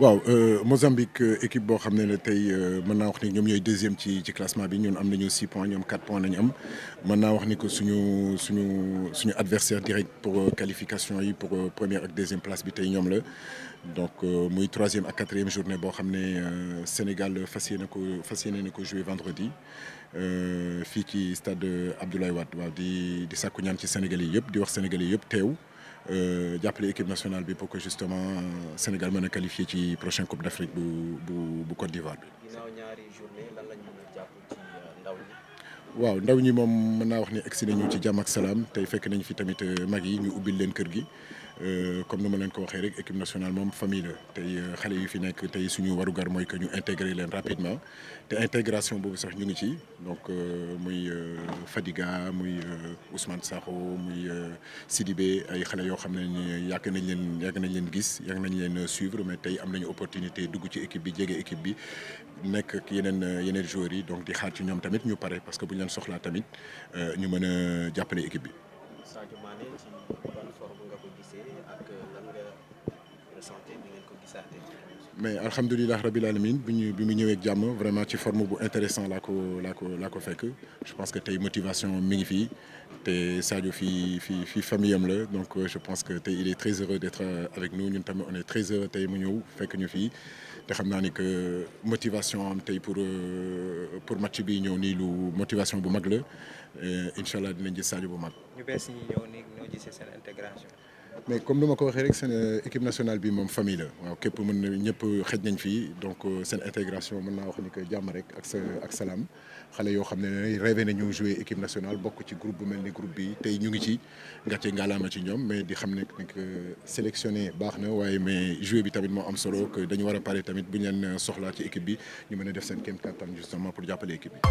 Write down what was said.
waaw euh, Mozambique euh, équipe boo xam ne ne tey euh, mën naa wax ni ñoom ñooy deuxième ci ci classement bi ñun am nañu six points ñoom quatre points nañu am mën naa wax ni que suñu suñu suñu adversaire direct pour qualification yi pour première ak deuxième place bi tey ñoom la donc muy troisième ak quatrième journée boo xam ne Sénégal fas yéene ko fas yéene na ko jouer vendredi fii ci stade Abdoulaye Wade waaw di di sàkku ñaan ci sénégal yi yëpp di wax Sénégalais yëpp teew. Euh, jàppale équipe nationale bi pour que justement euh, Sénégal mën a qualifier ci prochaine Coupe d'Afrique bu bu bu Côte d'Ivoire bi. Euh, ndaw ñi. waaw ndaw ñi moom mën naa wax ni egsi nañu ci jàmm ak salaam tey fekk nañ fi tamit mag yi ñu ubbil leen kër gi. Euh, comme ni ma leen ko waxee rek équipe nationale moom famille la tey euh, xale yu fi nekk tey suñu warugar mooy que ñu intégrer leen rapidement te intégration boobu sax ñu ngi ci donc euh, muy Fadiga muy Ousmane Sakho muy Sidibé ay xale yoo xam ne yàgg nañ leen yàgg nañ leen gis yàgg nañ leen suivre mais tey am nañu opportunité dugg ci équipe bi jege équipe bi nekk ak yeneen yeneen yi donc di xaar ci ñoom tamit ñu pare parce que bu ñu leen soxlaa tamit ñu mën a jàppale équipe bi. Sadio Mané ci ban forme nga ko mais alhamdulilah rabil alamin bi ñu bi mu ñëwee jàmm vraiment ci forme bu intéressant laa ko laa fekk je pense que tey motivation mi ngi fii te Sadio fi fi fi famille am la donc euh, je pense que tey il est très heureux d'être euh, avec nous ñun tamit on est très heureux tey mu ñëw fekk ñu fii te xam naa ni que motivation am tey pour euh, pour match bi ñëw nii lu motivation bu mag la incha allah dinañ gis Sadio bu mag. ñu bees ñi ñëw nii ñoo gisee seen intégration. mais comme ni ma ko waxee rek seen euh, équipe nationale bi moom famille la waaw képp mën na ñëpp xëj nañ fii donc euh, seen intégration mën naa wax ni que jàmm rek ak sa ak salaam xale yoo xam ne rêvé nañu jouer équipe nationale bokk ci groupe bu mel ni groupe bi tey ñu ngi ci gàcce ngaalaama ci ñoom mais di xam ne que sélectionné baax na waaye mais jouer bi tamit moo am solo ko dañu war a pare tamit bu ñu leen euh, soxlaa ci équipe bi ñu mën a def seen kéem kattan justement pour jàppale équipe